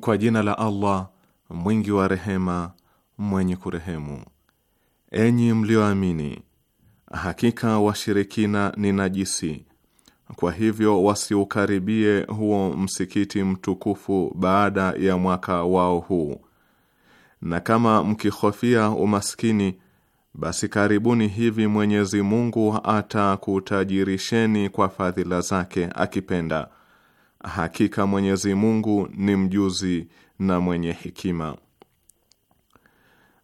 Kwa jina la Allah mwingi wa rehema, mwenye kurehemu. Enyi mlioamini Hakika washirikina ni najisi, kwa hivyo wasiukaribie huo msikiti mtukufu baada ya mwaka wao huu. Na kama mkihofia umaskini, basi karibuni hivi Mwenyezi Mungu atakutajirisheni kwa fadhila zake akipenda. Hakika Mwenyezi Mungu ni mjuzi na mwenye hekima.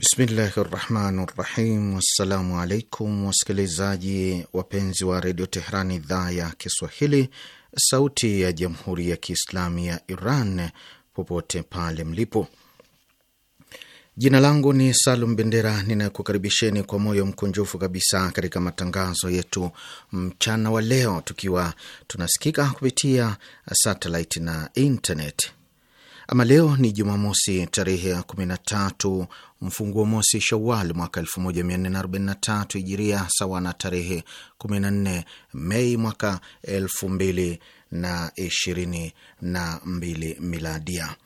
Bismillahi rahmani rahim. Wassalamu alaikum wasikilizaji wapenzi wa redio Teherani, idhaa ya Kiswahili, sauti ya jamhuri ya kiislamu ya Iran, popote pale mlipo. Jina langu ni Salum Bendera, ninakukaribisheni kwa moyo mkunjufu kabisa katika matangazo yetu mchana wa leo, tukiwa tunasikika kupitia satelit na internet. Ama leo ni Jumamosi tarehe ya 13 mfunguo mosi Shawal mwaka 1443 Hijiria, sawa na tarehe 14 Mei mwaka 2022 miladia.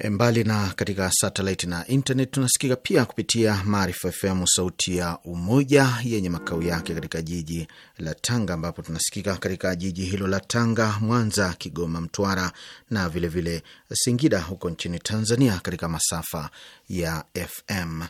Eh, mbali na katika satellite na internet, tunasikika pia kupitia Maarifa FM sauti ya Umoja yenye makao yake katika jiji la Tanga, ambapo tunasikika katika jiji hilo la Tanga, Mwanza, Kigoma, Mtwara na vilevile vile Singida huko nchini Tanzania katika masafa ya FM.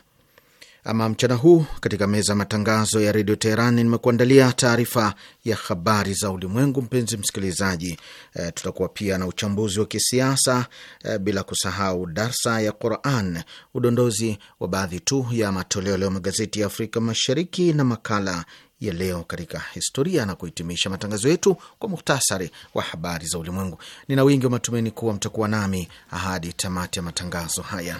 Ama mchana huu katika meza ya matangazo ya redio Teherani nimekuandalia taarifa ya habari za ulimwengu. Mpenzi msikilizaji, e, tutakuwa pia na uchambuzi wa kisiasa e, bila kusahau darsa ya Quran, udondozi wa baadhi tu ya matoleo leo magazeti ya Afrika Mashariki na makala ya leo katika historia na kuhitimisha matangazo yetu kwa muhtasari wa habari za ulimwengu. Nina wingi wa matumaini kuwa mtakuwa nami hadi tamati ya matangazo haya.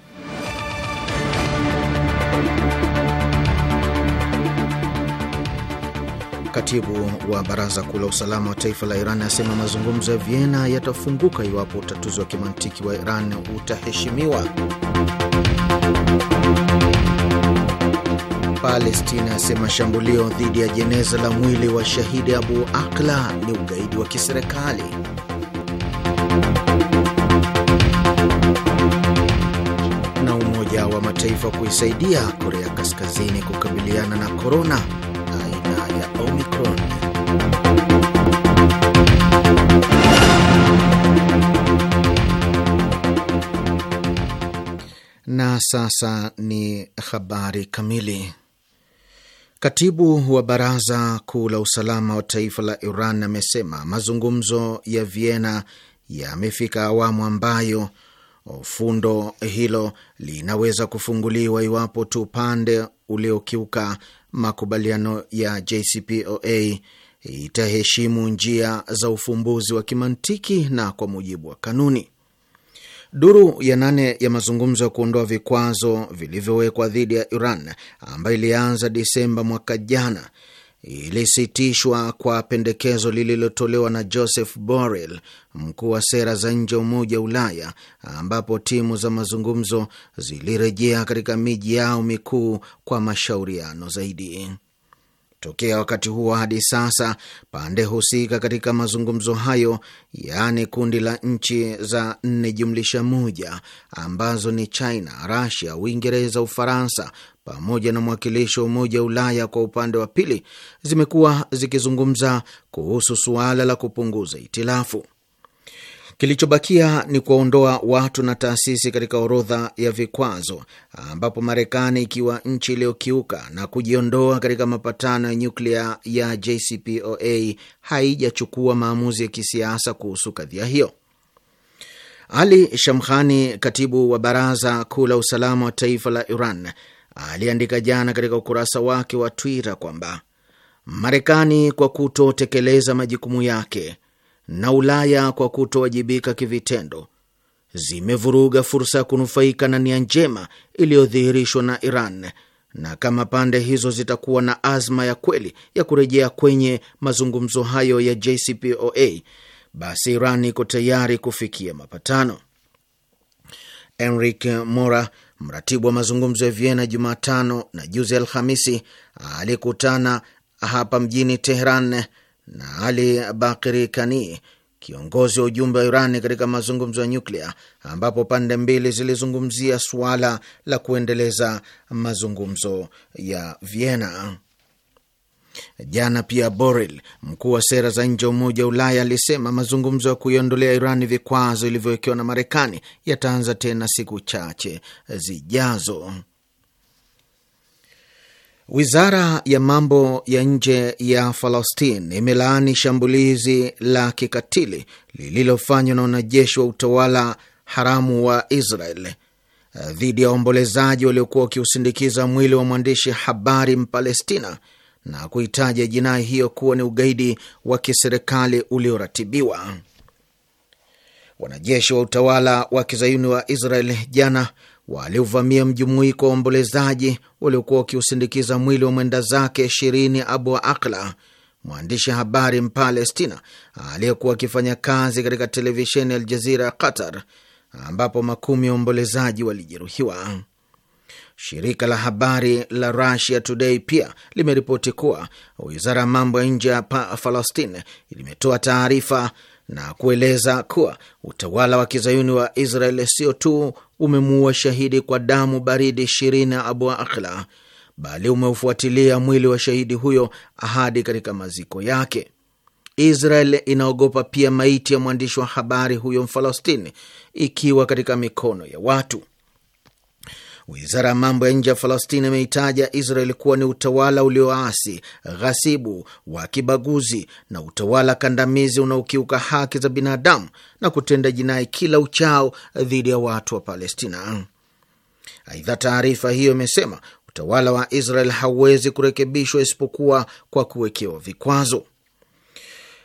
Katibu wa baraza kuu la usalama wa taifa la Iran asema mazungumzo ya Vienna yatafunguka iwapo utatuzi wa kimantiki wa Iran utaheshimiwa. Palestina asema shambulio dhidi ya jeneza la mwili wa shahidi Abu Akla ni ugaidi wa kiserikali. Na Umoja wa Mataifa kuisaidia Korea Kaskazini kukabiliana na korona aina ya Omicron. Na sasa ni habari kamili. Katibu wa baraza kuu la usalama wa taifa la Iran amesema mazungumzo ya Vienna yamefika awamu ambayo fundo hilo linaweza kufunguliwa iwapo tu upande uliokiuka makubaliano ya JCPOA itaheshimu njia za ufumbuzi wa kimantiki na kwa mujibu wa kanuni. Duru ya nane ya mazungumzo ya kuondoa vikwazo vilivyowekwa dhidi ya Iran ambayo ilianza Disemba mwaka jana ilisitishwa kwa pendekezo lililotolewa na Joseph Borrell, mkuu wa sera za nje wa Umoja wa Ulaya, ambapo timu za mazungumzo zilirejea katika miji yao mikuu kwa mashauriano zaidi. Tokea wakati huo hadi sasa pande husika katika mazungumzo hayo, yaani kundi la nchi za nne jumlisha moja ambazo ni China, Rasia, Uingereza, Ufaransa, pamoja na mwakilishi wa Umoja wa Ulaya kwa upande wa pili zimekuwa zikizungumza kuhusu suala la kupunguza itilafu. Kilichobakia ni kuwaondoa watu na taasisi katika orodha ya vikwazo, ambapo Marekani ikiwa nchi iliyokiuka na kujiondoa katika mapatano ya nyuklia ya JCPOA haijachukua maamuzi ya kisiasa kuhusu kadhia hiyo. Ali Shamkhani, katibu wa Baraza Kuu la Usalama wa Taifa la Iran, aliandika jana katika ukurasa wake wa Twitter kwamba Marekani kwa kutotekeleza majukumu yake na Ulaya kwa kutowajibika kivitendo zimevuruga fursa ya kunufaika na nia njema iliyodhihirishwa na Iran, na kama pande hizo zitakuwa na azma ya kweli ya kurejea kwenye mazungumzo hayo ya JCPOA, basi Iran iko tayari kufikia mapatano. Enrique Mora Mratibu wa mazungumzo ya Vienna Jumatano na juzi Alhamisi alikutana hapa mjini Teheran na Ali Bakiri Kani, kiongozi wa ujumbe wa Irani katika mazungumzo ya nyuklia, ambapo pande mbili zilizungumzia suala la kuendeleza mazungumzo ya Vienna. Jana pia Borrell, mkuu wa sera za nje wa Umoja wa Ulaya, alisema mazungumzo ya kuiondolea Irani vikwazo ilivyowekewa na Marekani yataanza tena siku chache zijazo. Wizara ya mambo ya nje ya Falastin imelaani shambulizi la kikatili lililofanywa na wanajeshi wa utawala haramu wa Israel dhidi ya waombolezaji waliokuwa wakiusindikiza mwili wa mwandishi habari Mpalestina na kuitaja jinai hiyo kuwa ni ugaidi wa kiserikali ulioratibiwa. Wanajeshi wa utawala wa kizayuni wa Israel jana waliovamia mjumuiko wa ombolezaji waliokuwa wakiusindikiza mwili wa mwenda zake Shirini Abu Akla, mwandishi habari Mpalestina aliyekuwa akifanya kazi katika televisheni ya Aljazira ya Qatar, ambapo makumi ya waombolezaji walijeruhiwa. Shirika la habari la Russia Today pia limeripoti kuwa wizara ya mambo ya nje ya Palestine limetoa taarifa na kueleza kuwa utawala wa kizayuni wa Israel sio tu umemuua shahidi kwa damu baridi Shirina Abu Akhla, bali umeufuatilia mwili wa shahidi huyo hadi katika maziko yake. Israel inaogopa pia maiti ya mwandishi wa habari huyo Mfalastini ikiwa katika mikono ya watu. Wizara ya mambo ya nje ya Falastini imeitaja Israel kuwa ni utawala ulioasi, ghasibu, wa kibaguzi na utawala kandamizi unaokiuka haki za binadamu na kutenda jinai kila uchao dhidi ya watu wa Palestina. Aidha, taarifa hiyo imesema utawala wa Israel hauwezi kurekebishwa isipokuwa kwa kuwekewa vikwazo.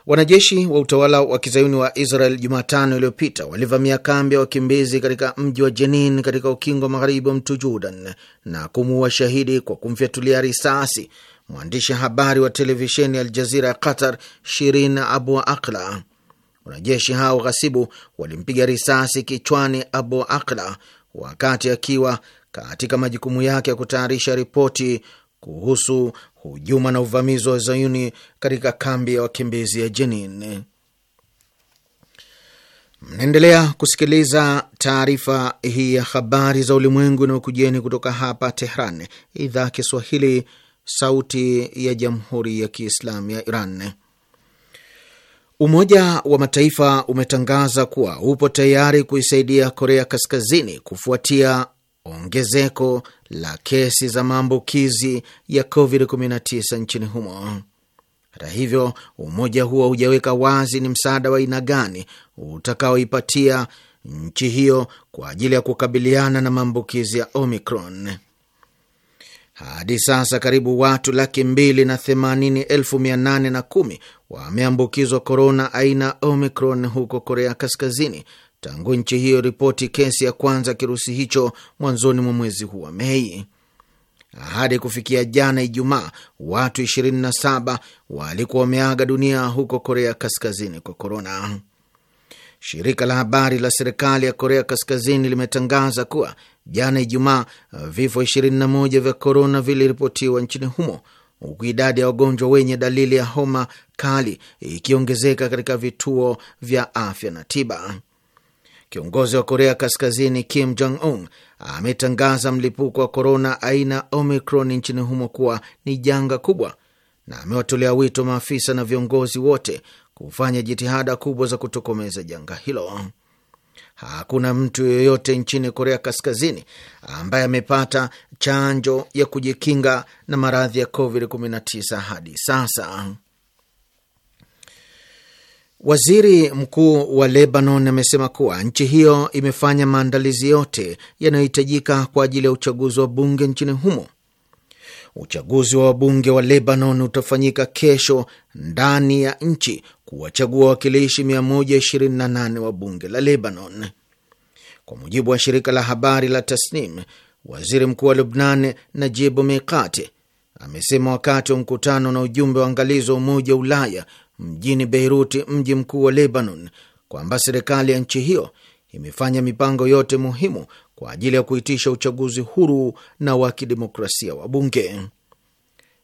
Wanajeshi wa utawala wa kizayuni wa Israel Jumatano iliyopita walivamia kambi ya wakimbizi katika mji wa Jenin katika ukingo wa magharibi wa mto Jordan na kumuua shahidi kwa kumfyatulia risasi mwandishi habari wa televisheni ya Aljazira ya Qatar, Shirin Abu Akla. Wanajeshi hao ghasibu walimpiga risasi kichwani Abu Akla wakati akiwa katika majukumu yake ya kutayarisha ripoti kuhusu hujuma na uvamizi wa zayuni katika kambi ya wakimbizi ya Jenin. Mnaendelea kusikiliza taarifa hii ya habari za ulimwengu inayokujieni kutoka hapa Tehran, idhaa Kiswahili, sauti ya jamhuri ya kiislamu ya Iran. Umoja wa Mataifa umetangaza kuwa upo tayari kuisaidia Korea Kaskazini kufuatia ongezeko la kesi za maambukizi ya COVID-19 nchini humo. Hata hivyo, umoja huo hujaweka wazi ni msaada wa aina gani utakaoipatia nchi hiyo kwa ajili ya kukabiliana na maambukizi ya Omicron. Hadi sasa karibu watu laki mbili na themanini elfu mia nane na kumi wameambukizwa korona aina Omicron huko Korea Kaskazini, tangu nchi hiyo ripoti kesi ya kwanza ya kirusi hicho mwanzoni mwa mwezi huu wa Mei. Hadi kufikia jana Ijumaa, watu 27 walikuwa wameaga dunia huko Korea Kaskazini kwa korona. Shirika la habari la serikali ya Korea Kaskazini limetangaza kuwa jana Ijumaa vifo 21 vya korona viliripotiwa nchini humo huku idadi ya wagonjwa wenye dalili ya homa kali ikiongezeka katika vituo vya afya na tiba. Kiongozi wa Korea Kaskazini Kim Jong Un ametangaza mlipuko wa korona aina Omicron nchini humo kuwa ni janga kubwa na amewatolea wito maafisa na viongozi wote kufanya jitihada kubwa za kutokomeza janga hilo. Hakuna mtu yeyote nchini Korea Kaskazini ambaye amepata chanjo ya kujikinga na maradhi ya COVID-19 hadi sasa. Waziri mkuu wa Lebanon amesema kuwa nchi hiyo imefanya maandalizi yote yanayohitajika kwa ajili ya uchaguzi wa bunge nchini humo. Uchaguzi wa wabunge wa Lebanon utafanyika kesho ndani ya nchi kuwachagua wawakilishi 128 wa bunge la Lebanon, kwa mujibu wa shirika la habari la Tasnim. Waziri mkuu wa Lubnan Najibu Mikati amesema wakati wa mkutano na ujumbe wa angalizi wa Umoja wa Ulaya mjini Beiruti, mji mkuu wa Lebanon, kwamba serikali ya nchi hiyo imefanya mipango yote muhimu kwa ajili ya kuitisha uchaguzi huru na wa kidemokrasia wa bunge.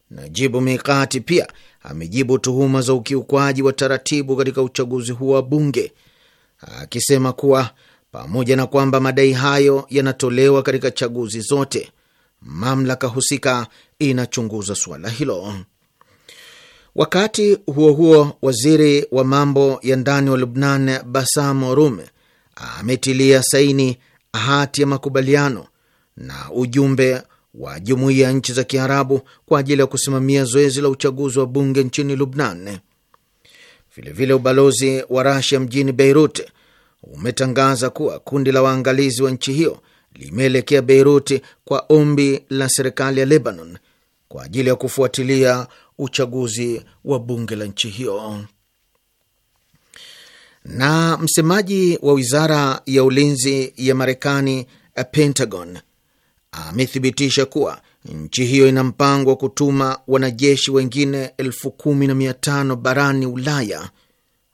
Najibu Mikati pia amejibu tuhuma za ukiukwaji wa taratibu katika uchaguzi huo wa bunge akisema kuwa pamoja na kwamba madai hayo yanatolewa katika chaguzi zote, mamlaka husika inachunguza suala hilo. Wakati huo huo, waziri wa mambo ya ndani wa Lubnan Basam Rume ametilia saini hati ya makubaliano na ujumbe wa jumuiya ya nchi za Kiarabu kwa ajili ya kusimamia zoezi la uchaguzi wa bunge nchini Lubnan. Vilevile, ubalozi wa Rasia mjini Beirut umetangaza kuwa kundi la waangalizi wa nchi hiyo limeelekea Beirut kwa ombi la serikali ya Lebanon kwa ajili ya kufuatilia uchaguzi wa bunge la nchi hiyo. Na msemaji wa wizara ya ulinzi ya Marekani, Pentagon, amethibitisha kuwa nchi hiyo ina mpango wa kutuma wanajeshi wengine elfu kumi na mia tano barani Ulaya,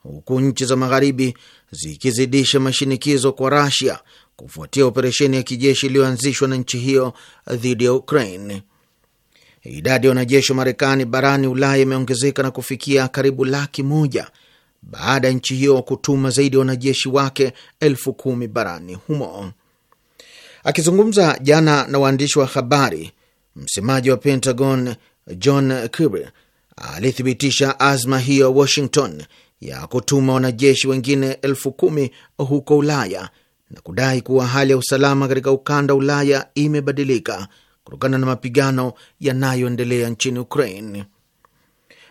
huku nchi za magharibi zikizidisha mashinikizo kwa Rasia kufuatia operesheni ya kijeshi iliyoanzishwa na nchi hiyo dhidi ya Ukraine. Idadi ya wanajeshi wa Marekani barani Ulaya imeongezeka na kufikia karibu laki moja baada ya nchi hiyo kutuma zaidi ya wanajeshi wake elfu kumi barani humo. Akizungumza jana na waandishi wa habari, msemaji wa Pentagon John Kirby alithibitisha azma hiyo Washington ya kutuma wanajeshi wengine elfu kumi huko Ulaya na kudai kuwa hali ya usalama katika ukanda wa Ulaya imebadilika kutokana na mapigano yanayoendelea nchini Ukraine.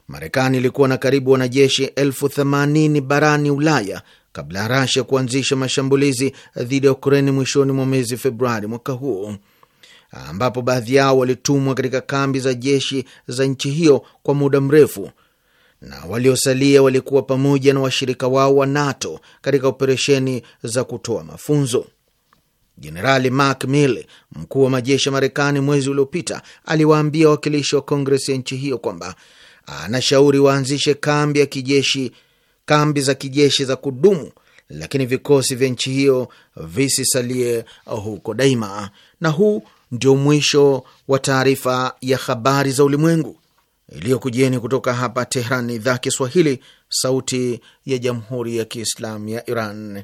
Marekani ilikuwa na karibu wanajeshi elfu themanini barani Ulaya kabla ya Rasia kuanzisha mashambulizi dhidi ya ukrain mwishoni mwa mwezi Februari mwaka huu, ambapo baadhi yao walitumwa katika kambi za jeshi za nchi hiyo kwa muda mrefu, na waliosalia walikuwa pamoja na washirika wao wa NATO katika operesheni za kutoa mafunzo. Jenerali Mark Milley, mkuu wa majeshi ya Marekani, mwezi uliopita aliwaambia wawakilishi wa Kongres ya nchi hiyo kwamba anashauri waanzishe kambi ya kijeshi, kambi za kijeshi za kudumu, lakini vikosi vya nchi hiyo visisalie huko daima. Na huu ndio mwisho wa taarifa ya habari za ulimwengu iliyokujieni kutoka hapa Tehran, idhaa Kiswahili, sauti ya jamhuri ya kiislamu ya Iran.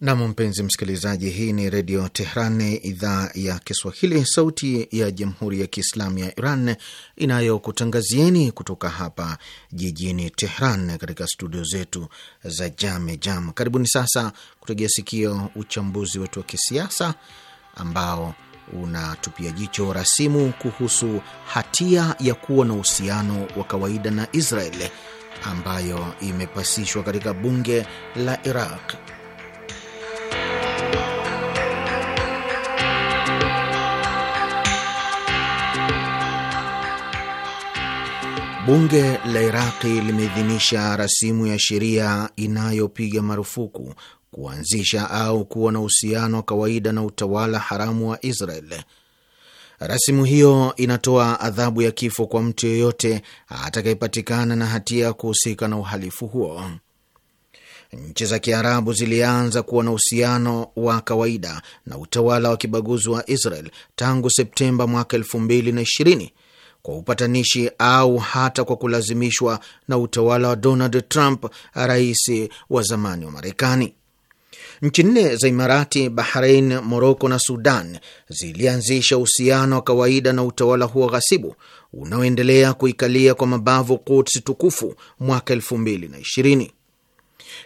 Nam, mpenzi msikilizaji, hii ni Redio Tehran, idhaa ya Kiswahili, sauti ya Jamhuri ya Kiislamu ya Iran inayokutangazieni kutoka hapa jijini Tehran, katika studio zetu za Jame Jam. Karibuni sasa kutegea sikio uchambuzi wetu wa kisiasa ambao unatupia jicho rasimu kuhusu hatia ya kuwa na uhusiano wa kawaida na Israeli ambayo imepasishwa katika bunge la Iraq. Bunge la Iraqi limeidhinisha rasimu ya sheria inayopiga marufuku kuanzisha au kuwa na uhusiano wa kawaida na utawala haramu wa Israel. Rasimu hiyo inatoa adhabu ya kifo kwa mtu yeyote atakayepatikana na hatia ya kuhusika na uhalifu huo. Nchi za Kiarabu zilianza kuwa na uhusiano wa kawaida na utawala wa kibaguzi wa Israel tangu Septemba mwaka elfu mbili na ishirini kwa upatanishi au hata kwa kulazimishwa na utawala wa Donald Trump, rais wa zamani wa Marekani. Nchi nne za Imarati, Bahrain, Moroko na Sudan zilianzisha uhusiano wa kawaida na utawala huo ghasibu unaoendelea kuikalia kwa mabavu Quds tukufu mwaka elfu mbili na ishirini.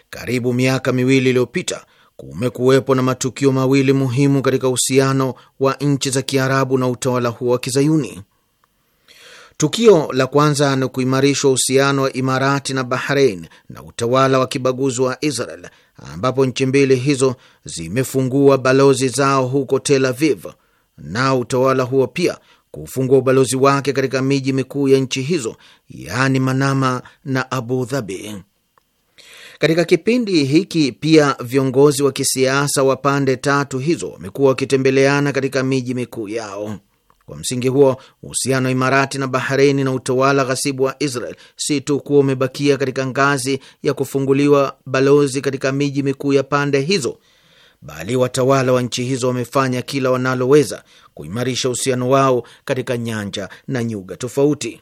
Karibu miaka miwili iliyopita kumekuwepo na matukio mawili muhimu katika uhusiano wa nchi za Kiarabu na utawala huo wa Kizayuni. Tukio la kwanza ni kuimarishwa uhusiano wa Imarati na bahrein na utawala wa kibaguzi wa Israel, ambapo nchi mbili hizo zimefungua balozi zao huko Tel Aviv, nao utawala huo pia kufungua ubalozi wake katika miji mikuu ya nchi hizo, yaani Manama na Abu Dhabi. Katika kipindi hiki pia viongozi wa kisiasa wa pande tatu hizo wamekuwa wakitembeleana katika miji mikuu yao. Kwa msingi huo uhusiano wa Imarati na Bahreini na utawala ghasibu wa Israel si tu kuwa umebakia katika ngazi ya kufunguliwa balozi katika miji mikuu ya pande hizo, bali watawala wa nchi hizo wamefanya kila wanaloweza kuimarisha uhusiano wao katika nyanja na nyuga tofauti.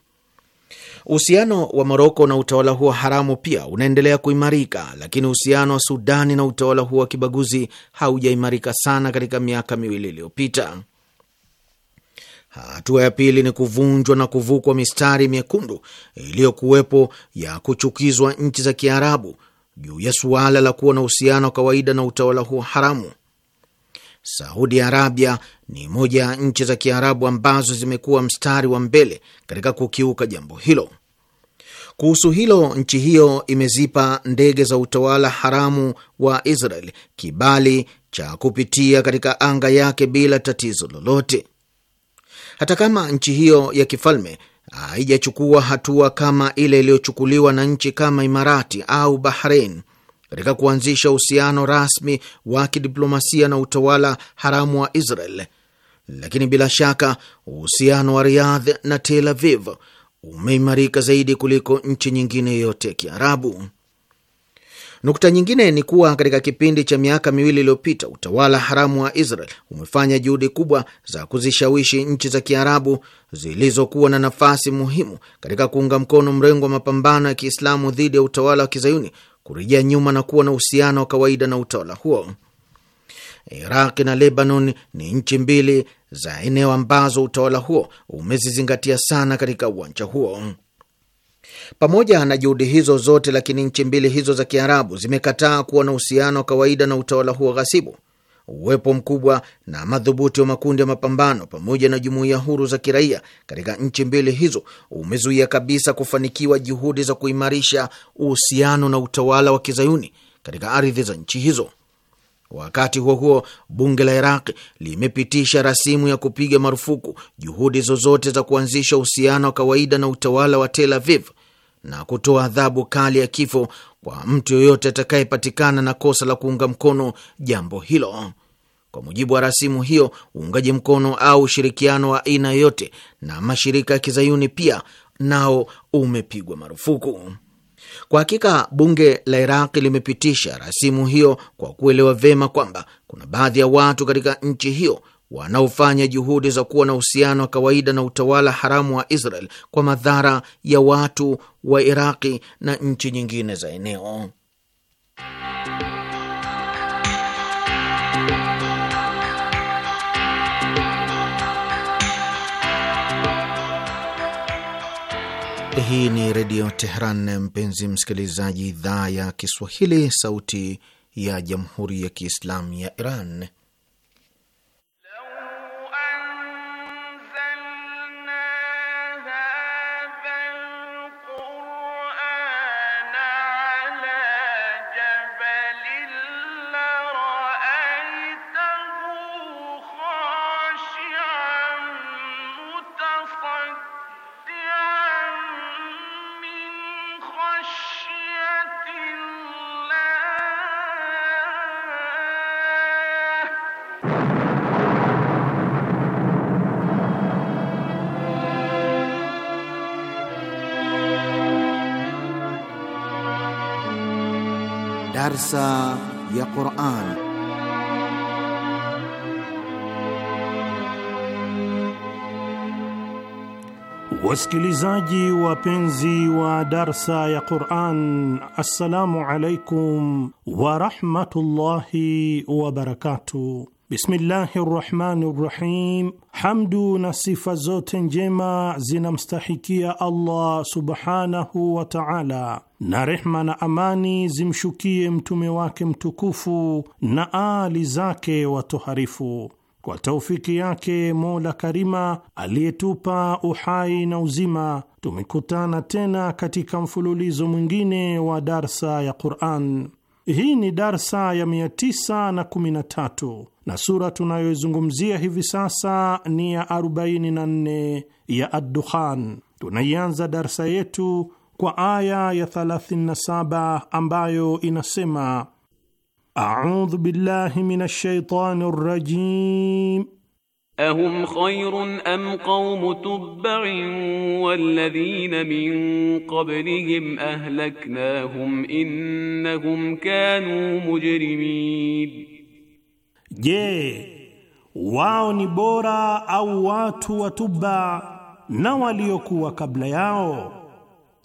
Uhusiano wa Moroko na utawala huo haramu pia unaendelea kuimarika, lakini uhusiano wa Sudani na utawala huo wa kibaguzi haujaimarika sana katika miaka miwili iliyopita. Hatua ya pili ni kuvunjwa na kuvukwa mistari miekundu iliyokuwepo ya kuchukizwa nchi za Kiarabu juu ya suala la kuwa na uhusiano wa kawaida na utawala huo haramu. Saudi Arabia ni moja ya nchi za Kiarabu ambazo zimekuwa mstari wa mbele katika kukiuka jambo hilo. Kuhusu hilo, nchi hiyo imezipa ndege za utawala haramu wa Israel kibali cha kupitia katika anga yake bila tatizo lolote hata kama nchi hiyo ya kifalme haijachukua hatua kama ile iliyochukuliwa na nchi kama Imarati au Bahrain katika kuanzisha uhusiano rasmi wa kidiplomasia na utawala haramu wa Israel, lakini bila shaka uhusiano wa Riyadh na Tel Aviv umeimarika zaidi kuliko nchi nyingine yoyote ya Kiarabu. Nukta nyingine ni kuwa katika kipindi cha miaka miwili iliyopita utawala haramu wa Israel umefanya juhudi kubwa za kuzishawishi nchi za Kiarabu zilizokuwa na nafasi muhimu katika kuunga mkono mrengo wa mapambano ya Kiislamu dhidi ya utawala wa kizayuni kurejea nyuma na kuwa na uhusiano wa kawaida na utawala huo. Iraq na Lebanon ni nchi mbili za eneo ambazo utawala huo umezizingatia sana katika uwanja huo. Pamoja na juhudi hizo zote, lakini nchi mbili hizo za Kiarabu zimekataa kuwa na uhusiano wa kawaida na utawala huo ghasibu. Uwepo mkubwa na madhubuti wa makundi ya mapambano pamoja na jumuiya huru za kiraia katika nchi mbili hizo umezuia kabisa kufanikiwa juhudi za kuimarisha uhusiano na utawala wa kizayuni katika ardhi za nchi hizo. Wakati huo huo, bunge la Iraq limepitisha rasimu ya kupiga marufuku juhudi zozote za kuanzisha uhusiano wa kawaida na utawala wa Tel Aviv na kutoa adhabu kali ya kifo kwa mtu yoyote atakayepatikana na kosa la kuunga mkono jambo hilo. Kwa mujibu wa rasimu hiyo, uungaji mkono au ushirikiano wa aina yoyote na mashirika ya kizayuni pia nao umepigwa marufuku. Kwa hakika bunge la Iraqi limepitisha rasimu hiyo kwa kuelewa vyema kwamba kuna baadhi ya watu katika nchi hiyo wanaofanya juhudi za kuwa na uhusiano wa kawaida na utawala haramu wa Israel kwa madhara ya watu wa Iraqi na nchi nyingine za eneo. Hii ni Redio Tehran, mpenzi msikilizaji, idhaa ya Kiswahili, sauti ya Jamhuri ya Kiislamu ya Iran. darsa ya Qur'an. Wasikilizaji wapenzi wa darsa ya Qur'an, assalamu alaikum wa rahmatullahi Bismillahi rahmani rahim. Hamdu na sifa zote njema zinamstahikia Allah subhanahu wa taala, na rehma na amani zimshukie mtume wake mtukufu na ali zake watoharifu. Kwa taufiki yake Mola Karima aliyetupa uhai na uzima, tumekutana tena katika mfululizo mwingine wa darsa ya Quran. Hii ni darsa ya 913 na sura tunayoizungumzia hivi sasa ni ya 44 ya Addukhan. Tunaianza darsa yetu kwa aya ya 37 ambayo inasema, audhu billahi minash shaitani rrajim أهم خير am قوم تبع والذين من قبلهم أهلكناهم إنهم كانوا مجرمين Je, wao ni bora au watu wa Tuba na waliokuwa kabla yao?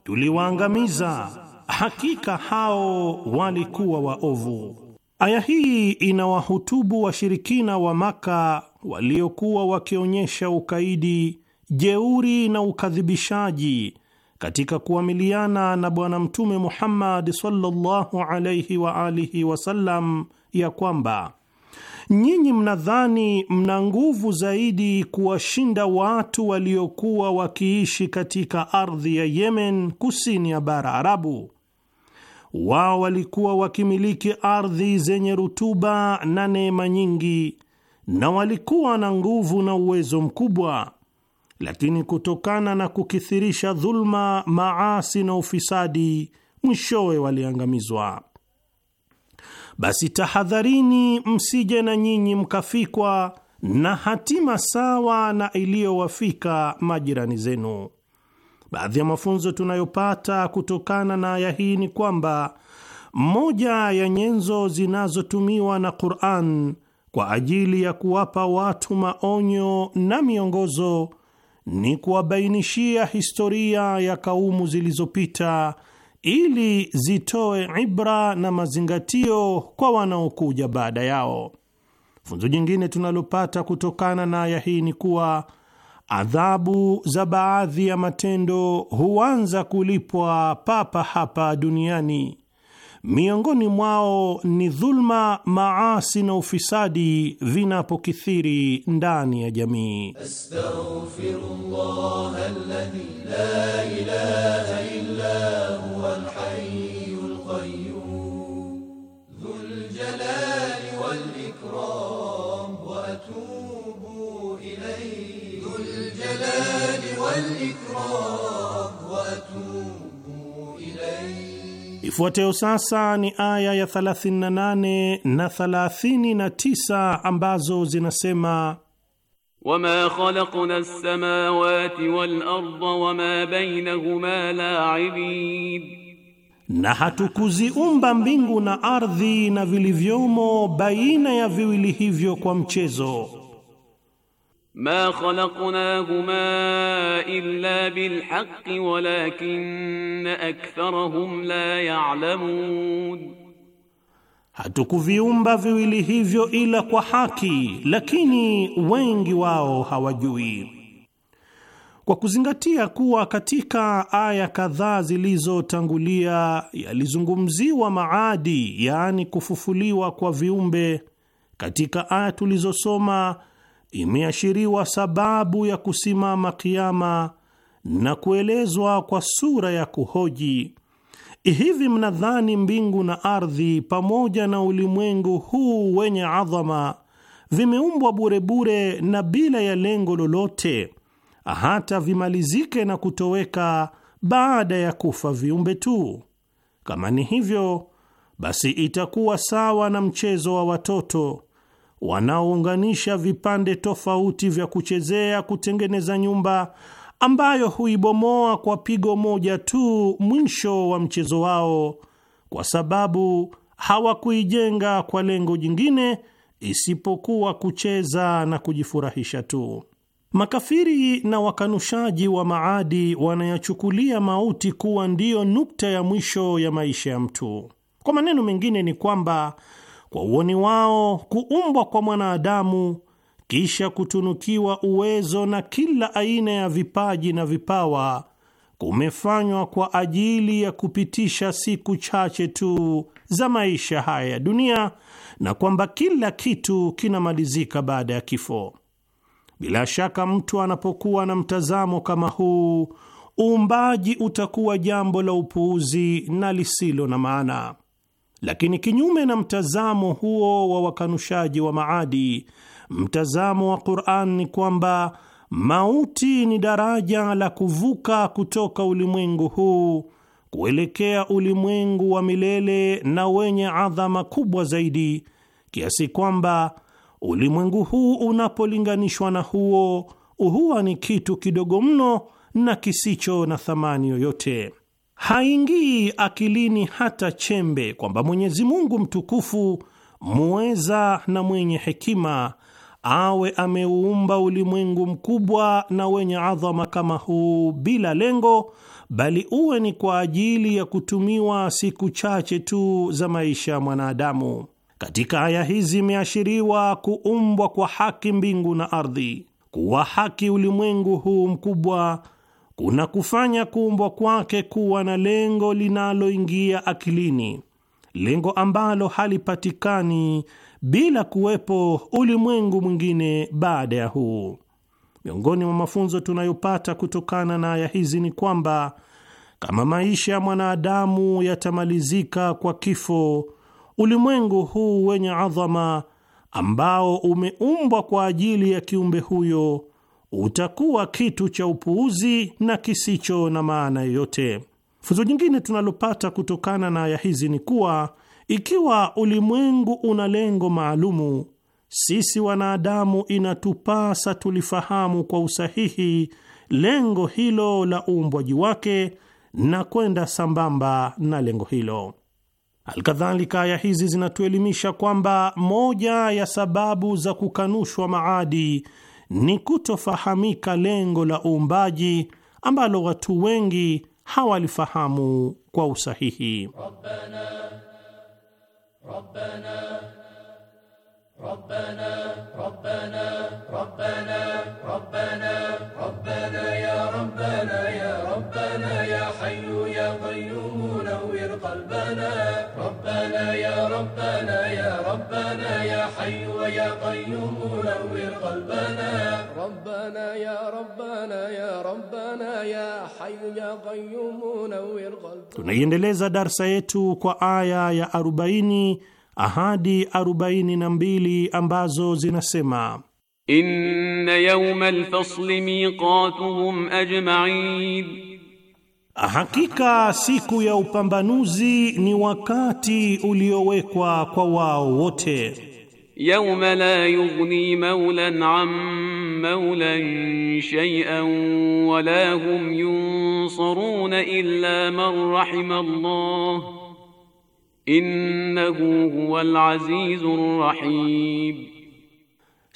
Tuliwaangamiza, hakika hao walikuwa waovu. Aya hii inawahutubu washirikina wa Maka waliokuwa wakionyesha ukaidi, jeuri na ukadhibishaji katika kuamiliana na Bwana Mtume Muhammad sallallahu alayhi wa alihi wasallam, ya kwamba nyinyi mnadhani mna nguvu zaidi kuwashinda watu waliokuwa wakiishi katika ardhi ya Yemen, kusini ya bara Arabu. Wao walikuwa wakimiliki ardhi zenye rutuba na neema nyingi na walikuwa na nguvu na uwezo mkubwa, lakini kutokana na kukithirisha dhulma, maasi na ufisadi, mwishowe waliangamizwa. Basi tahadharini, msije na nyinyi mkafikwa na hatima sawa na iliyowafika majirani zenu. Baadhi ya mafunzo tunayopata kutokana na aya hii ni kwamba moja ya nyenzo zinazotumiwa na Qur'an kwa ajili ya kuwapa watu maonyo na miongozo ni kuwabainishia historia ya kaumu zilizopita ili zitoe ibra na mazingatio kwa wanaokuja baada yao. Funzo jingine tunalopata kutokana na aya hii ni kuwa adhabu za baadhi ya matendo huanza kulipwa papa hapa duniani miongoni mwao ni dhulma, maasi na ufisadi vinapokithiri ndani ya jamii. Ifuatayo sasa ni aya ya 38 na 39 ambazo zinasema wama khalaqna as-samawati wal-ardha wama baynahuma la'ibin, na hatukuziumba mbingu na ardhi na vilivyomo baina ya viwili hivyo kwa mchezo. ما خلقناهما إلا بالحق walakin aktharahum la ya'lamun, hatukuviumba viwili hivyo ila kwa haki, lakini wengi wao hawajui. Kwa kuzingatia kuwa katika aya kadhaa zilizotangulia yalizungumziwa maadi, yaani kufufuliwa kwa viumbe katika aya tulizosoma imeashiriwa sababu ya kusimama kiama na kuelezwa kwa sura ya kuhoji. Hivi mnadhani mbingu na ardhi pamoja na ulimwengu huu wenye adhama vimeumbwa burebure na bila ya lengo lolote, hata vimalizike na kutoweka baada ya kufa viumbe tu? Kama ni hivyo, basi itakuwa sawa na mchezo wa watoto wanaounganisha vipande tofauti vya kuchezea kutengeneza nyumba ambayo huibomoa kwa pigo moja tu mwisho wa mchezo wao, kwa sababu hawakuijenga kwa lengo jingine isipokuwa kucheza na kujifurahisha tu. Makafiri na wakanushaji wa maadi wanayachukulia mauti kuwa ndiyo nukta ya mwisho ya maisha ya mtu. Kwa maneno mengine, ni kwamba kwa uoni wao kuumbwa kwa mwanadamu kisha kutunukiwa uwezo na kila aina ya vipaji na vipawa kumefanywa kwa ajili ya kupitisha siku chache tu za maisha haya ya dunia, na kwamba kila kitu kinamalizika baada ya kifo. Bila shaka, mtu anapokuwa na mtazamo kama huu, uumbaji utakuwa jambo la upuuzi na lisilo na maana. Lakini kinyume na mtazamo huo wa wakanushaji wa maadi, mtazamo wa Qur'an ni kwamba mauti ni daraja la kuvuka kutoka ulimwengu huu kuelekea ulimwengu wa milele na wenye adhama kubwa zaidi, kiasi kwamba ulimwengu huu unapolinganishwa na huo huwa ni kitu kidogo mno na kisicho na thamani yoyote haingii akilini hata chembe kwamba Mwenyezi Mungu mtukufu muweza na mwenye hekima awe ameuumba ulimwengu mkubwa na wenye adhama kama huu bila lengo, bali uwe ni kwa ajili ya kutumiwa siku chache tu za maisha ya mwanadamu. Katika aya hizi imeashiriwa kuumbwa kwa haki mbingu na ardhi, kuwa haki ulimwengu huu mkubwa kuna kufanya kuumbwa kwake kuwa na lengo linaloingia akilini, lengo ambalo halipatikani bila kuwepo ulimwengu mwingine baada ya huu. Miongoni mwa mafunzo tunayopata kutokana na aya hizi ni kwamba kama maisha ya mwanadamu yatamalizika kwa kifo, ulimwengu huu wenye adhama ambao umeumbwa kwa ajili ya kiumbe huyo utakuwa kitu cha upuuzi na kisicho na maana yoyote. Funzo jingine tunalopata kutokana na aya hizi ni kuwa ikiwa ulimwengu una lengo maalumu, sisi wanadamu inatupasa tulifahamu kwa usahihi lengo hilo la uumbwaji wake na kwenda sambamba na lengo hilo. Alkadhalika, aya hizi zinatuelimisha kwamba moja ya sababu za kukanushwa maadi ni kutofahamika lengo la uumbaji ambalo watu wengi hawalifahamu kwa usahihi. Rabbana, Rabbana, Rabbana, Rabbana, Rabbana, Rabbana, Rabbana, ya Rabbana, ya Rabbana, ya Hayyu ya Qayyum nawwir qalbana ربنا يا ربنا يا حي ويا قيوم نور قلبنا ربنا يا ربنا يا ربنا يا حي يا قيوم نور قلبنا tunaiendeleza darsa yetu kwa aya ya 40 ahadi 42 ambazo zinasema inna yawma alfasli miqatuhum ajma'in Hakika siku ya upambanuzi ni wakati uliowekwa kwa wao wote. Yawma la yughni mawlan an mawlan shay'an wa la hum yunsarun illa man rahima Allah innahu huwal azizur rahim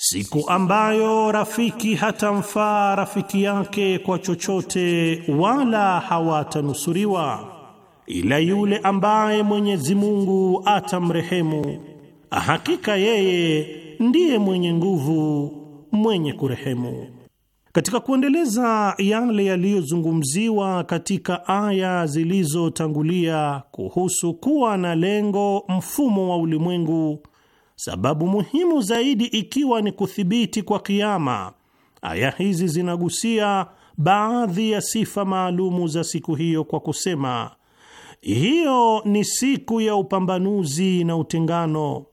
siku ambayo rafiki hatamfaa rafiki yake kwa chochote, wala hawatanusuriwa ila yule ambaye Mwenyezi Mungu atamrehemu. Hakika yeye ndiye mwenye nguvu, mwenye kurehemu. Katika kuendeleza yale yaliyozungumziwa katika aya zilizotangulia kuhusu kuwa na lengo, mfumo wa ulimwengu sababu muhimu zaidi ikiwa ni kuthibiti kwa kiama. Aya hizi zinagusia baadhi ya sifa maalumu za siku hiyo kwa kusema, hiyo ni siku ya upambanuzi na utengano,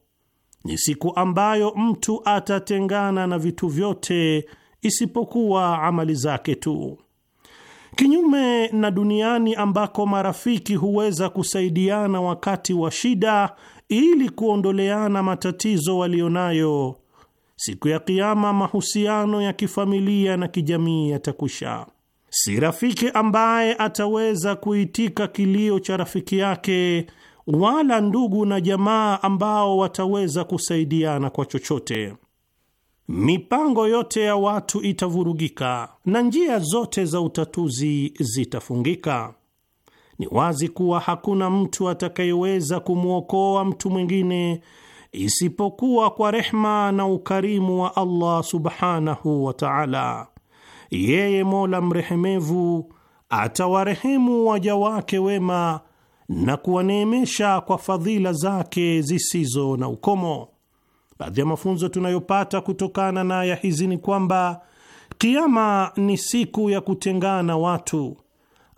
ni siku ambayo mtu atatengana na vitu vyote isipokuwa amali zake tu, kinyume na duniani ambako marafiki huweza kusaidiana wakati wa shida ili kuondoleana matatizo walionayo. Siku ya Kiama mahusiano ya kifamilia na kijamii yatakwisha. Si rafiki ambaye ataweza kuitika kilio cha rafiki yake, wala ndugu na jamaa ambao wataweza kusaidiana kwa chochote. Mipango yote ya watu itavurugika na njia zote za utatuzi zitafungika ni wazi kuwa hakuna mtu atakayeweza kumwokoa mtu mwingine isipokuwa kwa rehma na ukarimu wa Allah subhanahu wa ta'ala. Yeye Mola mrehemevu atawarehemu waja wake wema na kuwaneemesha kwa fadhila zake zisizo na ukomo. Baadhi ya mafunzo tunayopata kutokana na aya hizi ni kwamba kiama ni siku ya kutengana watu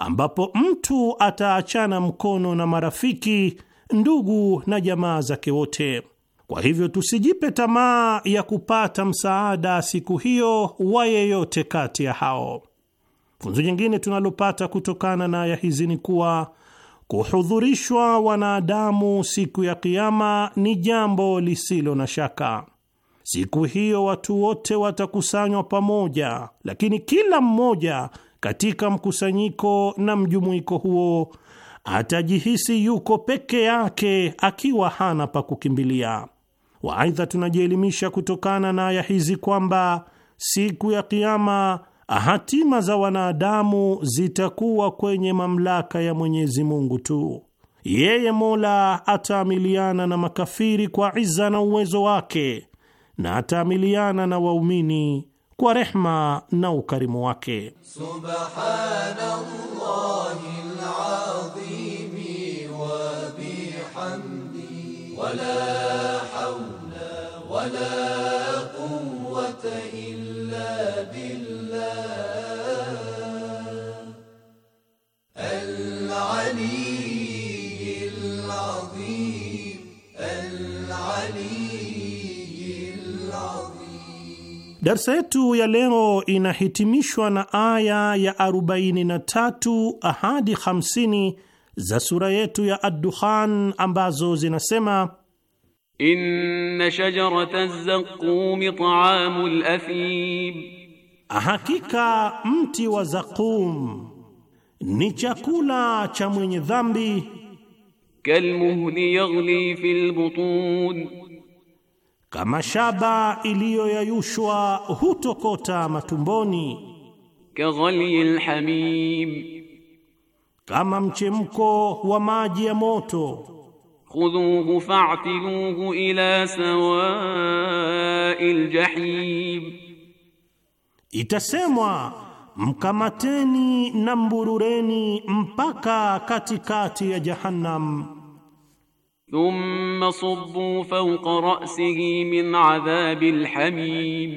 ambapo mtu ataachana mkono na marafiki, ndugu na jamaa zake wote. Kwa hivyo tusijipe tamaa ya kupata msaada siku hiyo wa yeyote kati ya hao. Funzo jingine tunalopata kutokana na aya hizi ni kuwa kuhudhurishwa wanadamu siku ya Kiama ni jambo lisilo na shaka. Siku hiyo watu wote watakusanywa pamoja, lakini kila mmoja katika mkusanyiko na mjumuiko huo atajihisi yuko peke yake akiwa hana pa kukimbilia. Waaidha, tunajielimisha kutokana na aya hizi kwamba siku ya Kiama hatima za wanadamu zitakuwa kwenye mamlaka ya Mwenyezi Mungu tu. Yeye Mola ataamiliana na makafiri kwa iza na uwezo wake na ataamiliana na waumini kwa rehma na ukarimu wake. Subhanallahil azim wa bihamdi wala hawla wala Darsa yetu ya leo inahitimishwa na aya ya 43 hadi 50 za sura yetu ya Ad-Dukhan ambazo zinasema: inna shajarata zaqqumi ta'amul athim, hakika mti wa zaqum ni chakula cha mwenye dhambi. Kalmuhli yaghli fil butun kama shaba iliyoyayushwa hutokota matumboni, kaghalil hamim, kama mchemko wa maji ya moto. Khudhuhu fa'tiluhu ila sawa'il jahim, itasemwa mkamateni na mburureni mpaka katikati ya Jahannam thumma subbu fawqa ra'sihi min adhabil hamim,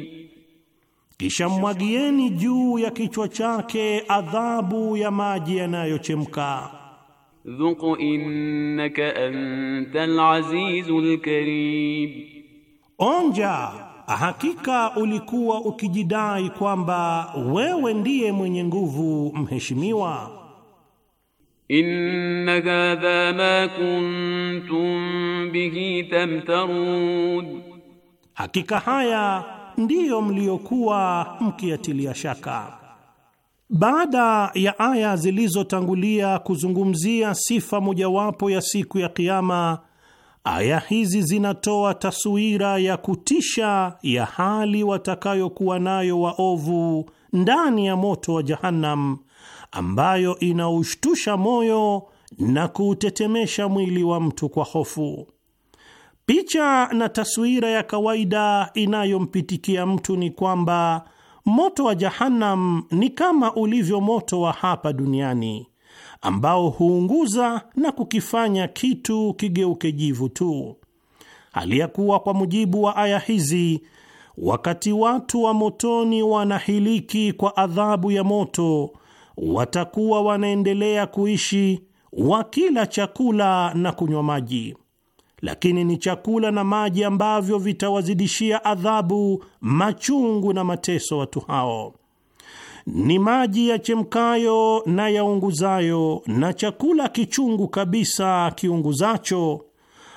kisha mwagieni juu ya kichwa chake adhabu ya maji yanayochemka. Dhuq innaka antal azizul karim, onja hakika ulikuwa ukijidai kwamba wewe ndiye mwenye nguvu mheshimiwa. إن هذا ما kuntum bihi tamtarun, hakika haya ndiyo mliyokuwa mkiatilia shaka. Baada ya aya zilizotangulia kuzungumzia sifa mojawapo ya siku ya Kiyama, aya hizi zinatoa taswira ya kutisha ya hali watakayokuwa nayo waovu ndani ya moto wa Jahannam ambayo inaushtusha moyo na kuutetemesha mwili wa mtu kwa hofu. Picha na taswira ya kawaida inayompitikia mtu ni kwamba moto wa Jahannam ni kama ulivyo moto wa hapa duniani ambao huunguza na kukifanya kitu kigeuke jivu tu, hali ya kuwa kwa mujibu wa aya hizi, wakati watu wa motoni wanahiliki kwa adhabu ya moto watakuwa wanaendelea kuishi wakila chakula na kunywa maji, lakini ni chakula na maji ambavyo vitawazidishia adhabu, machungu na mateso watu hao. Ni maji yachemkayo na yaunguzayo na chakula kichungu kabisa kiunguzacho,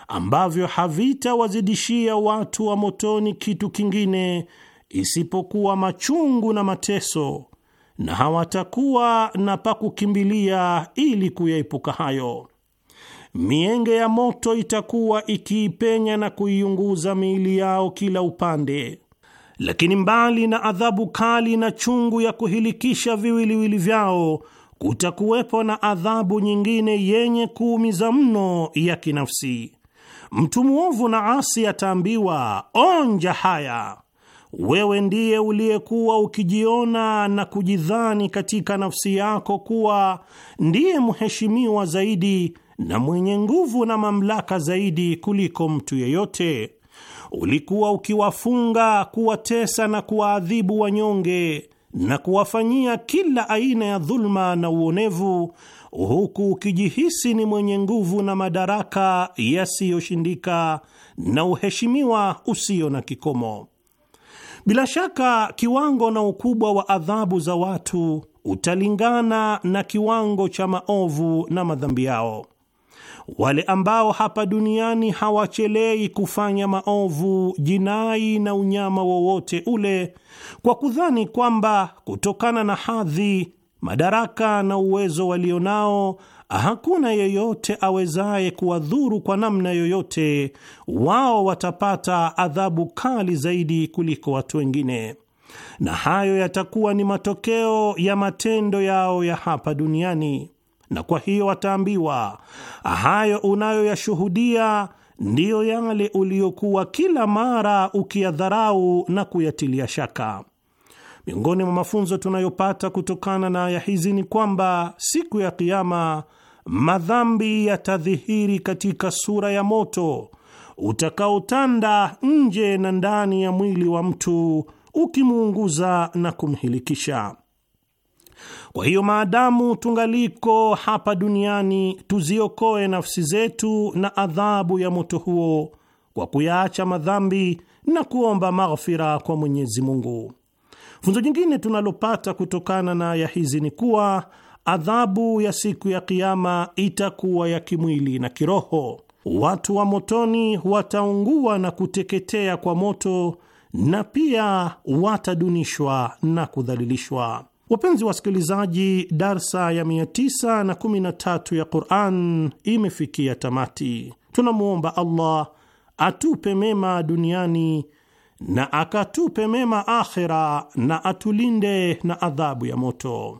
ambavyo havitawazidishia watu wa motoni kitu kingine isipokuwa machungu na mateso na hawatakuwa na pa kukimbilia ili kuyaepuka hayo. Mienge ya moto itakuwa ikiipenya na kuiunguza miili yao kila upande. Lakini mbali na adhabu kali na chungu ya kuhilikisha viwiliwili vyao, kutakuwepo na adhabu nyingine yenye kuumiza mno ya kinafsi. Mtu mwovu na asi ataambiwa, onja haya wewe ndiye uliyekuwa ukijiona na kujidhani katika nafsi yako kuwa ndiye mheshimiwa zaidi na mwenye nguvu na mamlaka zaidi kuliko mtu yeyote. Ulikuwa ukiwafunga, kuwatesa na kuwaadhibu wanyonge na kuwafanyia kila aina ya dhulma na uonevu, huku ukijihisi ni mwenye nguvu na madaraka yasiyoshindika na uheshimiwa usio na kikomo. Bila shaka kiwango na ukubwa wa adhabu za watu utalingana na kiwango cha maovu na madhambi yao. Wale ambao hapa duniani hawachelei kufanya maovu, jinai na unyama wowote ule, kwa kudhani kwamba kutokana na hadhi, madaraka na uwezo walio nao hakuna yeyote awezaye kuwadhuru kwa namna yoyote, wao watapata adhabu kali zaidi kuliko watu wengine, na hayo yatakuwa ni matokeo ya matendo yao ya hapa duniani. Na kwa hiyo wataambiwa, hayo unayoyashuhudia ndiyo yale uliyokuwa kila mara ukiyadharau na kuyatilia shaka. Miongoni mwa mafunzo tunayopata kutokana na aya hizi ni kwamba siku ya Kiama madhambi yatadhihiri katika sura ya moto utakaotanda nje na ndani ya mwili wa mtu ukimuunguza na kumhilikisha. Kwa hiyo maadamu tungaliko hapa duniani, tuziokoe nafsi zetu na adhabu ya moto huo kwa kuyaacha madhambi na kuomba maghfira kwa Mwenyezi Mungu. Funzo jingine tunalopata kutokana na aya hizi ni kuwa adhabu ya siku ya Kiama itakuwa ya kimwili na kiroho. Watu wa motoni wataungua na kuteketea kwa moto, na pia watadunishwa na kudhalilishwa. Wapenzi wasikilizaji, darsa ya 913 ya Quran imefikia tamati. Tunamwomba Allah atupe mema duniani na akatupe mema akhera, na atulinde na adhabu ya moto.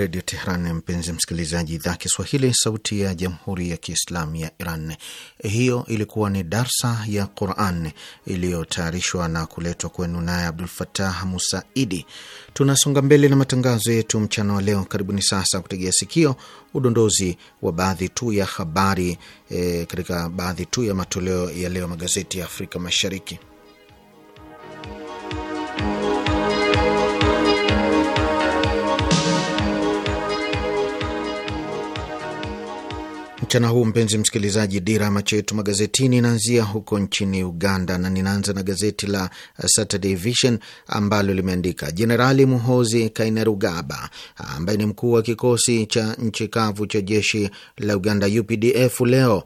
Redio Tehran. Mpenzi msikilizaji, idhaa Kiswahili, sauti ya jamhuri ya kiislamu ya Iran. Hiyo ilikuwa ni darsa ya Quran iliyotayarishwa na kuletwa kwenu naye Abdul Fatah Musaidi. Tunasonga mbele na matangazo yetu mchana wa leo. Karibuni sasa kutegea sikio udondozi wa baadhi tu ya habari e, katika baadhi tu ya matoleo ya leo magazeti ya Afrika Mashariki. mchana huu, mpenzi msikilizaji, dira macho yetu magazetini inaanzia huko nchini Uganda, na ninaanza na gazeti la Saturday Vision ambalo limeandika Jenerali Muhozi Kainerugaba, ambaye ni mkuu wa kikosi cha nchi kavu cha jeshi la Uganda UPDF, leo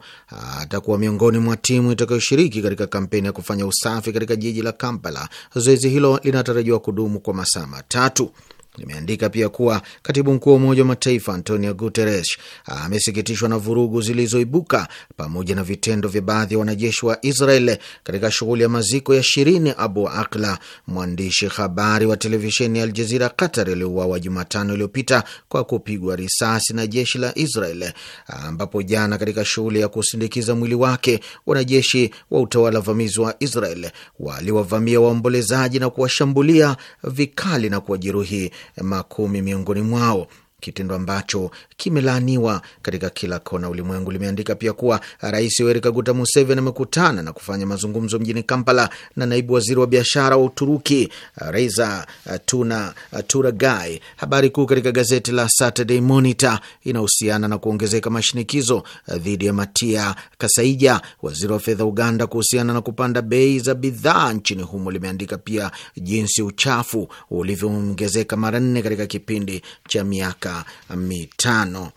atakuwa miongoni mwa timu itakayoshiriki katika kampeni ya kufanya usafi katika jiji la Kampala. Zoezi hilo linatarajiwa kudumu kwa masaa matatu limeandika pia kuwa katibu mkuu wa Umoja wa Mataifa Antonio Guterres amesikitishwa na vurugu zilizoibuka pamoja na vitendo vya baadhi ya wanajeshi wa Israel katika shughuli ya maziko ya Shirini Abu Akla, mwandishi habari wa televisheni ya Aljazira Qatar, aliyouawa Jumatano iliyopita kwa kupigwa risasi na jeshi la Israel, ambapo jana katika shughuli ya kusindikiza mwili wake wanajeshi wa utawala vamizi wa Israel waliwavamia waombolezaji na kuwashambulia vikali na kuwajeruhi makumi miongoni mwao, kitendo ambacho kimelaaniwa katika kila kona. Ulimwengu limeandika pia kuwa Rais Yoweri Kaguta Museveni amekutana na kufanya mazungumzo mjini Kampala na naibu waziri wa biashara wa Uturuki Reza Tuna Turagai. Habari kuu katika gazeti la Saturday Monitor inahusiana na kuongezeka mashinikizo dhidi ya Matia Kasaija, waziri wa fedha Uganda, kuhusiana na kupanda bei za bidhaa nchini humo. Limeandika pia jinsi uchafu ulivyoongezeka mara nne katika kipindi cha miaka mitano tano.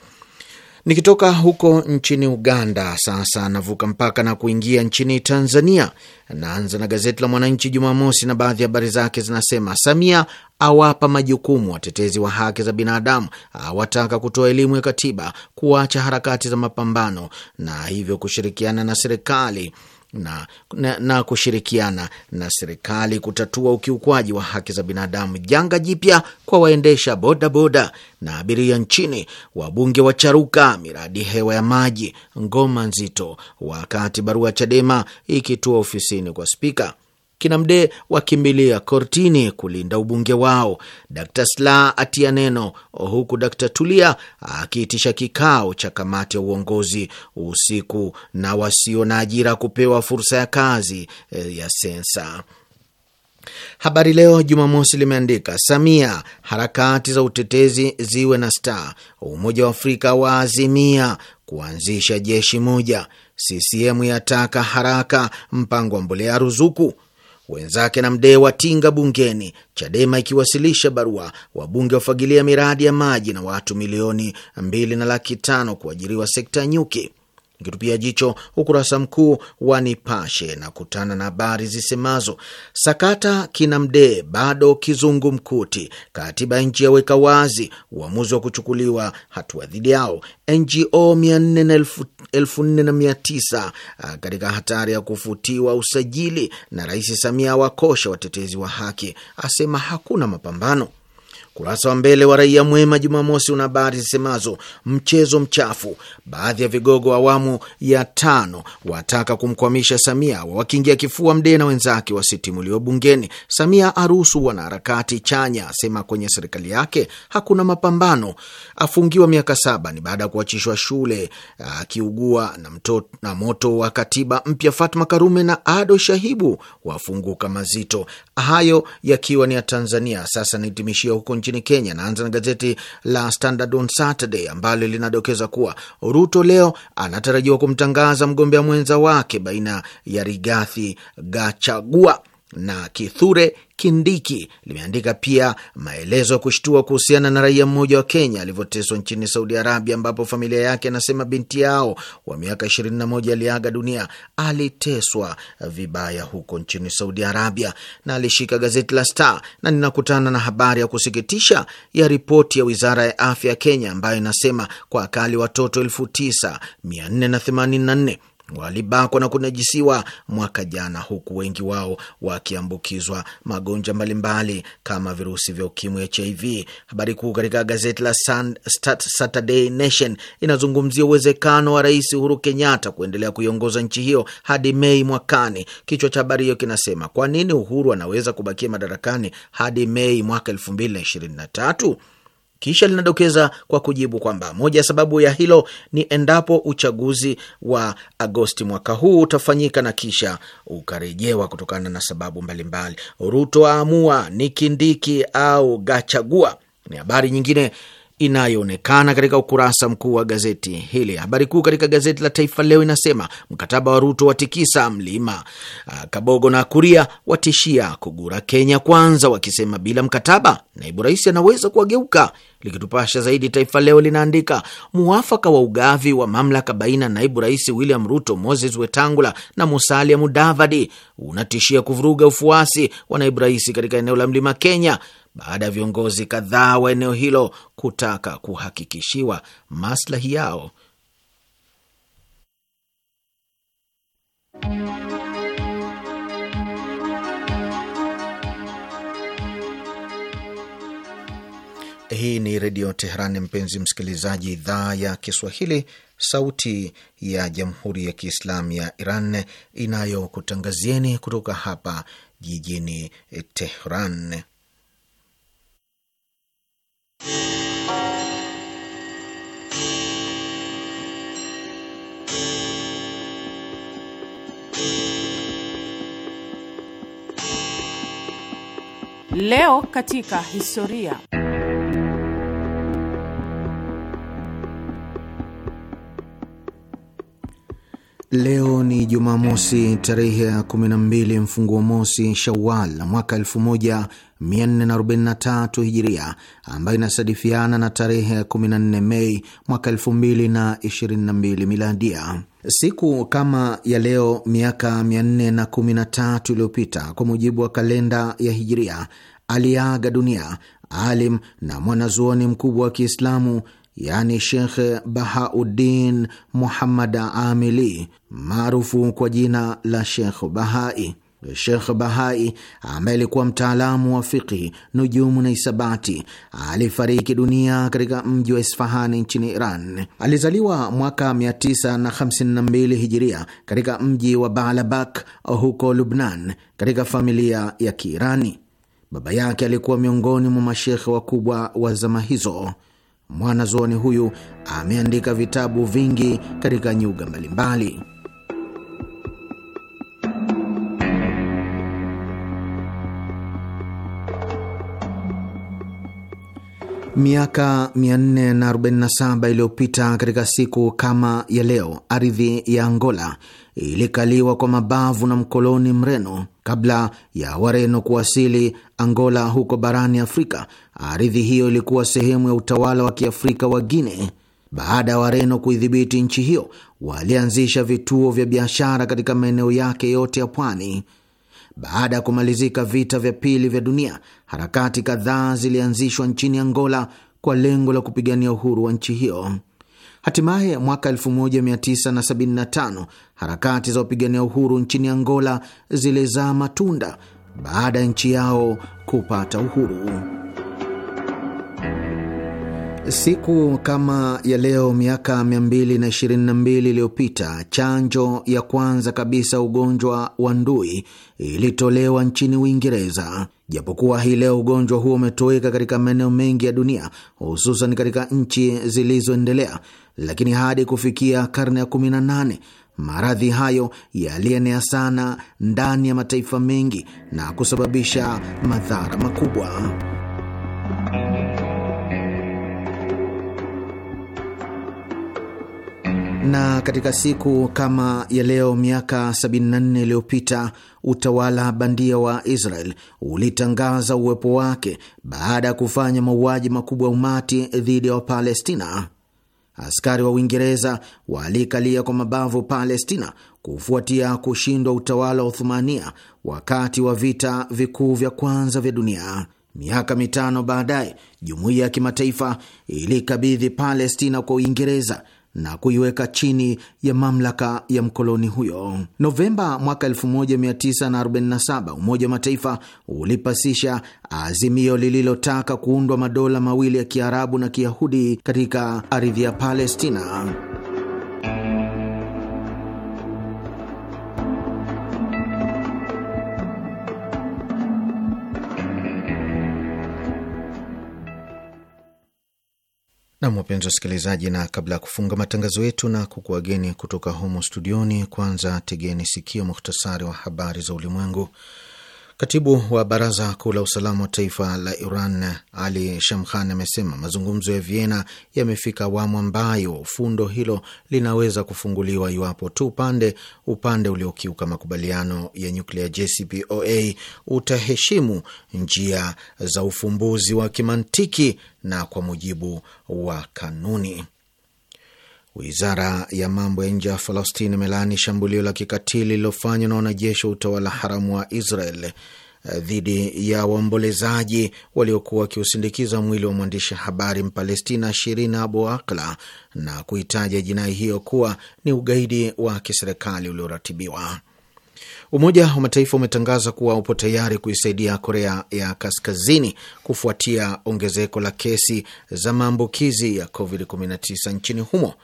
Nikitoka huko nchini Uganda sasa navuka mpaka na kuingia nchini Tanzania. Naanza na gazeti la Mwananchi Jumamosi, na baadhi ya habari zake zinasema: Samia awapa majukumu watetezi wa haki za binadamu, awataka kutoa elimu ya katiba, kuacha harakati za mapambano na hivyo kushirikiana na serikali na, na, na kushirikiana na serikali kutatua ukiukwaji wa haki za binadamu. Janga jipya kwa waendesha bodaboda boda na abiria nchini, wabunge wa charuka miradi hewa ya maji, ngoma nzito, wakati barua Chadema ikitua ofisini kwa spika kina Mdee wakimbilia kortini kulinda ubunge wao. d sla atia neno, huku d Tulia akiitisha kikao cha kamati ya uongozi usiku, na wasio na ajira kupewa fursa ya kazi eh, ya sensa. Habari Leo Jumamosi limeandika Samia, harakati za utetezi ziwe na staa. Umoja wa Afrika waazimia kuanzisha jeshi moja. CCM yataka haraka mpango wa mbolea ruzuku wenzake na Mdee watinga bungeni, Chadema ikiwasilisha barua, wabunge wafagilia miradi ya maji na watu milioni mbili na laki tano kuajiriwa sekta nyuki. Nikitupia jicho ukurasa mkuu wa Nipashe na kutana na habari zisemazo sakata kina Mdee bado mkuti katiba ya nchi yaweka wazi uamuzi wa kuchukuliwa hatua dhidi yao, NGO mia nne na elfu nne na mia tisa ah, katika hatari ya kufutiwa usajili, na Rais Samia wakosha watetezi wa haki, asema hakuna mapambano Ukurasa wa mbele wa Raia Mwema Jumamosi una habari zisemazo mchezo mchafu, baadhi ya vigogo awamu ya tano wataka kumkwamisha Samia, wakiingia kifua Mdee na wenzake wasitimuliwa bungeni. Samia aruhusu wanaharakati chanya, asema kwenye serikali yake hakuna mapambano, afungiwa miaka saba ni baada ya kuachishwa shule akiugua na, na moto wa katiba mpya. Fatma Karume na Ado Shahibu wafunguka mazito. Hayo yakiwa ni ya Tanzania. Sasa naitimishia huko nchini Kenya. Naanza na gazeti la Standard on Saturday ambalo linadokeza kuwa Ruto leo anatarajiwa kumtangaza mgombea mwenza wake baina ya Rigathi Gachagua na Kithure Kindiki limeandika pia maelezo ya kushtua kuhusiana na raia mmoja wa Kenya alivyoteswa nchini Saudi Arabia, ambapo familia yake anasema binti yao wa miaka 21 aliaga dunia. Aliteswa vibaya huko nchini Saudi Arabia. Na alishika gazeti la Star na ninakutana na habari ya kusikitisha ya ripoti ya wizara ya afya ya Kenya ambayo inasema kwa akali watoto nne walibakwa na kunajisiwa mwaka jana, huku wengi wao wakiambukizwa magonjwa mbalimbali kama virusi vya ukimwi, HIV. Habari kuu katika gazeti la Saturday Nation inazungumzia uwezekano wa Rais Uhuru Kenyatta kuendelea kuiongoza nchi hiyo hadi Mei mwakani. Kichwa cha habari hiyo kinasema kwa nini Uhuru anaweza kubakia madarakani hadi Mei mwaka elfu mbili na ishirini na tatu? Kisha linadokeza kwa kujibu kwamba moja ya sababu ya hilo ni endapo uchaguzi wa Agosti mwaka huu utafanyika na kisha ukarejewa kutokana na sababu mbalimbali. Ruto aamua ni Kindiki au Gachagua ni habari nyingine inayoonekana katika ukurasa mkuu wa gazeti hili. Habari kuu katika gazeti la Taifa Leo inasema mkataba wa Ruto watikisa mlima. Ah, Kabogo na Kuria watishia kugura Kenya kwanza, wakisema bila mkataba naibu rais anaweza kuwageuka. Likitupasha zaidi, Taifa Leo linaandika muafaka wa ugavi wa mamlaka baina naibu rais William Ruto, Moses Wetangula na Musalia Mudavadi unatishia kuvuruga ufuasi wa naibu rais katika eneo la mlima Kenya baada ya viongozi kadhaa wa eneo hilo kutaka kuhakikishiwa maslahi yao. Hii ni Redio Teheran, mpenzi msikilizaji, idhaa ya Kiswahili, sauti ya Jamhuri ya Kiislamu ya Iran inayokutangazieni kutoka hapa jijini Teheran. Leo katika historia. Leo ni Jumamosi tarehe ya 12 mfunguo mosi Shawal mwaka 1400 443 hijiria ambayo inasadifiana na tarehe 14 Mei mwaka 2022 miladia. Siku kama ya leo miaka 413 iliyopita kwa mujibu wa kalenda ya hijiria, aliaga dunia alim na mwanazuoni mkubwa wa Kiislamu yaani Shekh Bahauddin Muhammad Amili maarufu kwa jina la Shekh Bahai. Shekh Bahai ambaye alikuwa mtaalamu wa fiqhi, nujumu na isabati alifariki dunia katika mji wa Isfahani nchini Iran. Alizaliwa mwaka 952 hijiria katika mji wa Baalabak huko Lubnan, katika familia ya Kiirani. Baba yake alikuwa miongoni mwa mashekhe wakubwa wa zama hizo. Mwanazuoni huyu ameandika vitabu vingi katika nyuga mbalimbali. Miaka 447 iliyopita katika siku kama ya leo, ardhi ya Angola ilikaliwa kwa mabavu na mkoloni Mreno. Kabla ya Wareno kuwasili Angola huko barani Afrika, ardhi hiyo ilikuwa sehemu ya utawala wa kiafrika wa guine Baada ya Wareno kuidhibiti nchi hiyo, walianzisha vituo vya biashara katika maeneo yake yote ya pwani. Baada ya kumalizika vita vya pili vya dunia, harakati kadhaa zilianzishwa nchini Angola kwa lengo la kupigania uhuru wa nchi hiyo. Hatimaye mwaka 1975 harakati za wapigania uhuru nchini Angola zilizaa matunda baada ya nchi yao kupata uhuru. Siku kama ya leo miaka 222 iliyopita chanjo ya kwanza kabisa ugonjwa wa ndui ilitolewa nchini Uingereza. Japokuwa hii leo ugonjwa huo umetoweka katika maeneo mengi ya dunia, hususan katika nchi zilizoendelea, lakini hadi kufikia karne ya 18 maradhi hayo yalienea sana ndani ya mataifa mengi na kusababisha madhara makubwa. Mm-hmm. Na katika siku kama ya leo miaka 74 iliyopita utawala bandia wa Israel ulitangaza uwepo wake baada ya kufanya mauaji makubwa ya umati dhidi ya Wapalestina. Askari wa Uingereza walikalia kwa mabavu Palestina kufuatia kushindwa utawala wa Uthumania wakati wa vita vikuu vya kwanza vya dunia. Miaka mitano baadaye, jumuiya ya kimataifa ilikabidhi Palestina kwa Uingereza na kuiweka chini ya mamlaka ya mkoloni huyo. Novemba mwaka 1947 Umoja wa Mataifa ulipasisha azimio lililotaka kuundwa madola mawili ya Kiarabu na Kiyahudi katika ardhi ya Palestina. Nam, wapenzi wasikilizaji, na kabla ya kufunga matangazo yetu na kukuageni kutoka humo studioni, kwanza tegeni sikio muhtasari wa habari za ulimwengu. Katibu wa baraza kuu la usalama wa taifa la Iran Ali shamkhan amesema mazungumzo ya Vienna yamefika awamu ambayo fundo hilo linaweza kufunguliwa iwapo tu upande upande uliokiuka makubaliano ya nyuklia JCPOA utaheshimu njia za ufumbuzi wa kimantiki na kwa mujibu wa kanuni. Wizara ya mambo ya nje ya Falastini imelaani shambulio la kikatili lililofanywa na wanajeshi wa utawala haramu wa Israel eh, dhidi ya waombolezaji waliokuwa wakiusindikiza mwili wa mwandishi habari Mpalestina Shirin Abu Akla na kuitaja jinai hiyo kuwa ni ugaidi wa kiserikali ulioratibiwa. Umoja wa Mataifa umetangaza kuwa upo tayari kuisaidia Korea ya Kaskazini kufuatia ongezeko la kesi za maambukizi ya COVID-19 nchini humo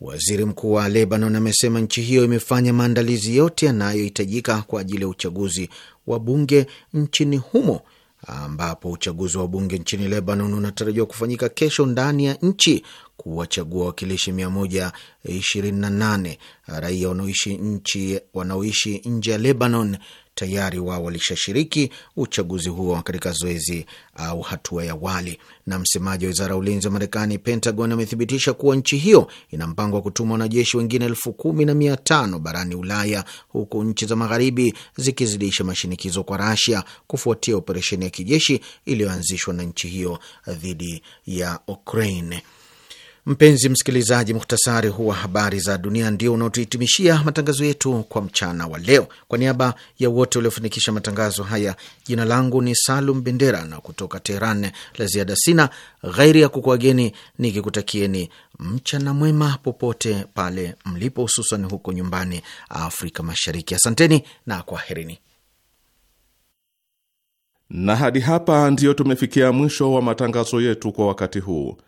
Waziri mkuu wa Lebanon amesema nchi hiyo imefanya maandalizi yote yanayohitajika kwa ajili ya uchaguzi wa bunge nchini humo, ambapo uchaguzi wa bunge nchini Lebanon unatarajiwa kufanyika kesho ndani ya nchi, kuwachagua wawakilishi 128 raia wanaoishi nje ya Lebanon tayari wao walishashiriki uchaguzi huo katika zoezi au hatua ya awali. Na msemaji wa wizara ya ulinzi wa Marekani, Pentagon, amethibitisha kuwa nchi hiyo ina mpango wa kutuma wanajeshi wengine elfu kumi na mia tano barani Ulaya, huku nchi za magharibi zikizidisha mashinikizo kwa Rasia kufuatia operesheni ya kijeshi iliyoanzishwa na nchi hiyo dhidi ya Ukraine. Mpenzi msikilizaji, muhtasari huu wa habari za dunia ndio unaotuhitimishia matangazo yetu kwa mchana wa leo. Kwa niaba ya wote waliofanikisha matangazo haya, jina langu ni Salum Bendera na kutoka Teheran la ziada sina ghairi ya kukuageni nikikutakieni mchana mwema popote pale mlipo, hususan huko nyumbani Afrika Mashariki. Asanteni na kwaherini. Na hadi hapa ndiyo tumefikia mwisho wa matangazo yetu kwa wakati huu.